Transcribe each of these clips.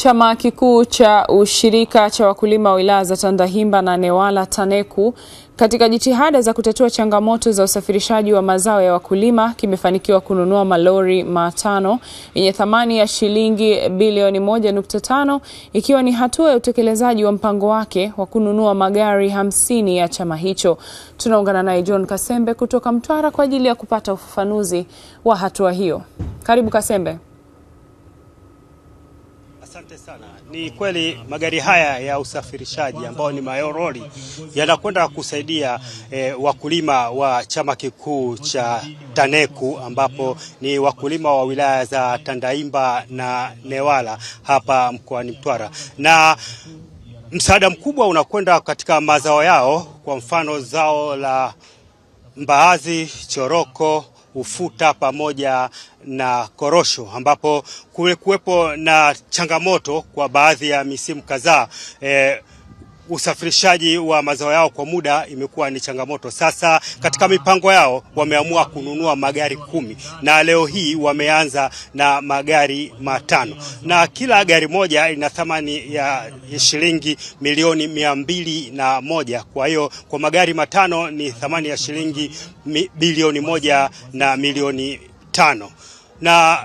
Chama kikuu cha ushirika cha wakulima wa wilaya za Tandahimba na Newala TANECU katika jitihada za kutatua changamoto za usafirishaji wa mazao ya wakulima kimefanikiwa kununua malori matano yenye thamani ya shilingi bilioni 1.5 ikiwa ni hatua ya utekelezaji wa mpango wake wa kununua magari hamsini ya chama hicho. Tunaungana naye John Kasembe kutoka Mtwara kwa ajili ya kupata ufafanuzi wa hatua hiyo. Karibu Kasembe. Asante sana. Ni kweli magari haya ya usafirishaji ambayo ni mayoroli yanakwenda kusaidia eh, wakulima wa chama kikuu cha TANECU ambapo ni wakulima wa wilaya za Tandaimba na Newala hapa mkoani Mtwara na msaada mkubwa unakwenda katika mazao yao, kwa mfano zao la mbaazi, choroko ufuta pamoja na korosho, ambapo kuwepo na changamoto kwa baadhi ya misimu kadhaa eh, usafirishaji wa mazao yao kwa muda imekuwa ni changamoto. Sasa katika mipango yao wameamua kununua magari kumi na leo hii wameanza na magari matano na kila gari moja ina thamani ya shilingi milioni mia mbili na moja. Kwa hiyo kwa magari matano ni thamani ya shilingi bilioni moja na milioni tano na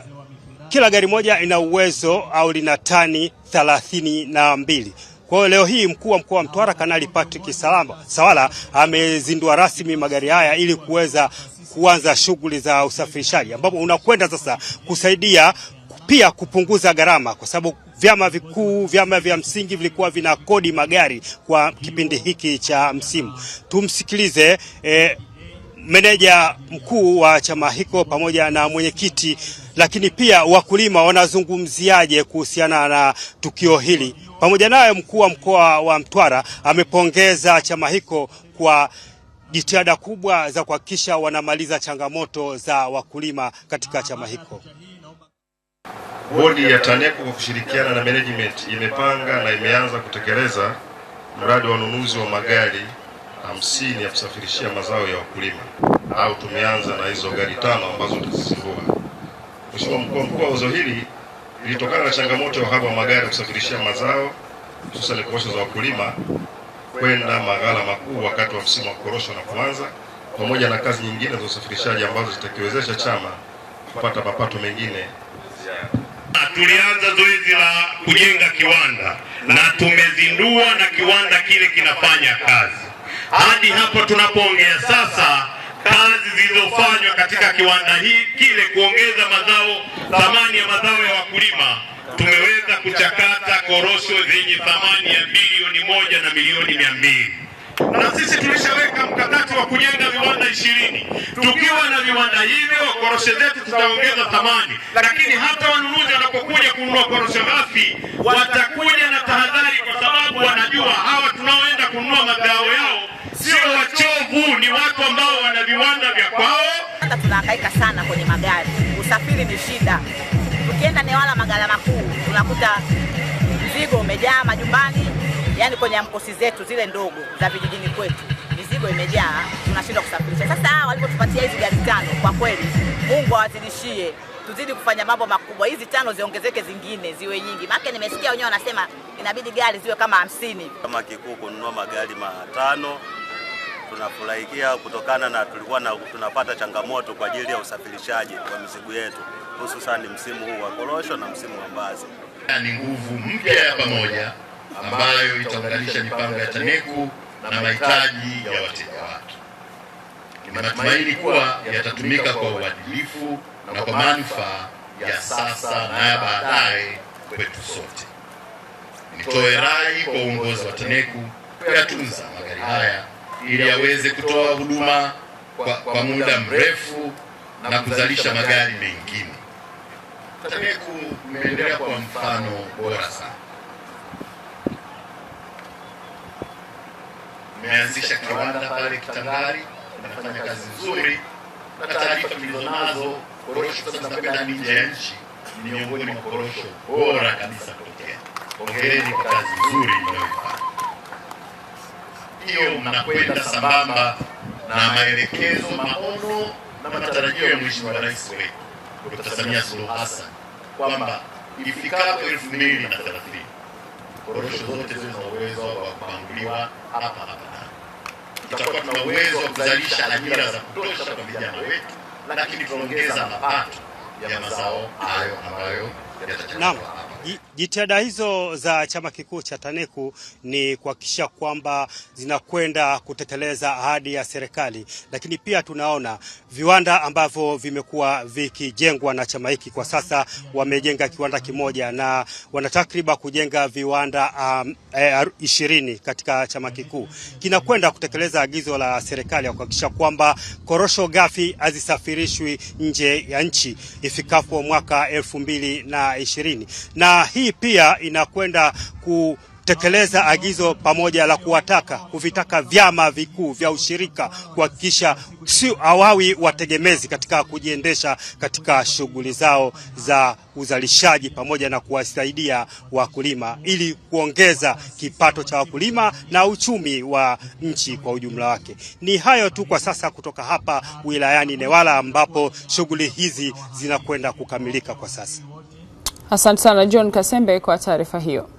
kila gari moja ina uwezo au lina tani thelathini na mbili. Kwa hiyo leo hii mkuu wa mkoa wa Mtwara Kanali Patrick Salamba Sawala amezindua rasmi magari haya ili kuweza kuanza shughuli za usafirishaji, ambapo unakwenda sasa kusaidia pia kupunguza gharama kwa sababu vyama vikuu vyama vya msingi vilikuwa vinakodi magari kwa kipindi hiki cha msimu. Tumsikilize eh, meneja mkuu wa chama hiko pamoja na mwenyekiti, lakini pia wakulima wanazungumziaje kuhusiana na tukio hili? Pamoja naye mkuu wa mkoa wa Mtwara amepongeza chama hiko kwa jitihada kubwa za kuhakikisha wanamaliza changamoto za wakulima katika chama hiko. Bodi ya TANECU kwa kushirikiana na management imepanga na imeanza kutekeleza mradi wa ununuzi wa magari hamsini ya kusafirishia mazao ya wakulima au tumeanza na hizo gari tano ambazo tutazifungua. Mheshimiwa mkuu wa mkoa, wazo hili lilitokana na changamoto ya uhaba wa magari ya kusafirishia mazao hususan korosho za wakulima kwenda maghala makuu wakati wa msimu wa korosho na kuanza, pamoja na kazi nyingine za usafirishaji ambazo zitakiwezesha chama kupata mapato mengine. Tulianza zoezi la kujenga kiwanda na tumezindua na kiwanda kile kinafanya kazi hadi hapo tunapoongea sasa, kazi zilizofanywa katika kiwanda hii kile kuongeza mazao, thamani ya mazao ya wakulima, tumeweza kuchakata korosho zenye thamani ya bilioni moja na milioni mia mbili na sisi tulishaweka mkakati wa kujenga viwanda ishirini. Tukiwa na viwanda hivyo, korosho zetu tutaongeza thamani, lakini hata wanunuzi wanapokuja kununua korosho ghafi watakuja inaongezeka sana kwenye magari, usafiri ni shida. Tukienda Newala magala makuu unakuta mzigo umejaa majumbani, yani kwenye amkosi zetu zile ndogo za vijijini kwetu mizigo imejaa, tunashindwa kusafirisha. Sasa walipotupatia hizi gari tano, kwa kweli Mungu awazidishie, tuzidi kufanya mambo makubwa. Hizi tano ziongezeke, zingine ziwe nyingi, maana nimesikia wenyewe wanasema inabidi gari ziwe kama hamsini. Kama kikuu kununua magari matano tunafurahikia kutokana na tulikuwa na, tunapata changamoto kwa ajili ya usafirishaji wa mizigo yetu hususani msimu huu wa korosho na msimu wa mbazi. Ni nguvu mpya ya pamoja ambayo itaunganisha mipango ya TANECU na mahitaji ya wateja wake. Ni matumaini kuwa yatatumika kwa uadilifu na kwa manufaa ya sasa na ya baadaye kwetu sote. Nitoe rai kwa uongozi wa TANECU kuyatunza magari haya ili aweze kutoa huduma kwa, kwa muda mrefu na kuzalisha magari mengine. TAMECU imeendelea kwa mfano bora sana, imeanzisha kiwanda pale Kitangari, inafanya kazi nzuri, na taarifa tulizonazo korosho sasa zinakwenda nje ya nchi, ni miongoni mwa korosho bora kabisa kutokea. Hongereni kwa kazi nzuri mnayofanya hiyo mnakwenda sambamba na maelekezo, maono na matarajio ya Mheshimiwa Rais wetu Dr. Samia Suluhu Hassan kwamba ifikapo elfu mbili na thelathini korosho zote ziwe na uwezo wa kupanguliwa hapa hapa tutakuwa tuna uwezo wa kuzalisha ajira za kutosha kwa vijana wetu, lakini tunaongeza mapato ya mazao hayo ambayo yatachakatwa. Jitihada hizo za chama kikuu cha TANECU ni kuhakikisha kwamba zinakwenda kutekeleza ahadi ya serikali, lakini pia tunaona viwanda ambavyo vimekuwa vikijengwa na chama hiki. Kwa sasa wamejenga kiwanda kimoja na wanatakriba kujenga viwanda um, e, katika chama kikuu kinakwenda kutekeleza agizo la serikali ya kuhakikisha kwamba korosho ghafi hazisafirishwi nje ya nchi ifikapo mwaka elfu mbili na ishirini na hii pia inakwenda ku tekeleza agizo pamoja la kuwataka kuvitaka vyama vikuu vya ushirika kuhakikisha si awawi wategemezi katika kujiendesha katika shughuli zao za uzalishaji pamoja na kuwasaidia wakulima ili kuongeza kipato cha wakulima na uchumi wa nchi kwa ujumla wake. Ni hayo tu kwa sasa kutoka hapa wilayani Newala ambapo shughuli hizi zinakwenda kukamilika kwa sasa. Asante sana John Kasembe kwa taarifa hiyo.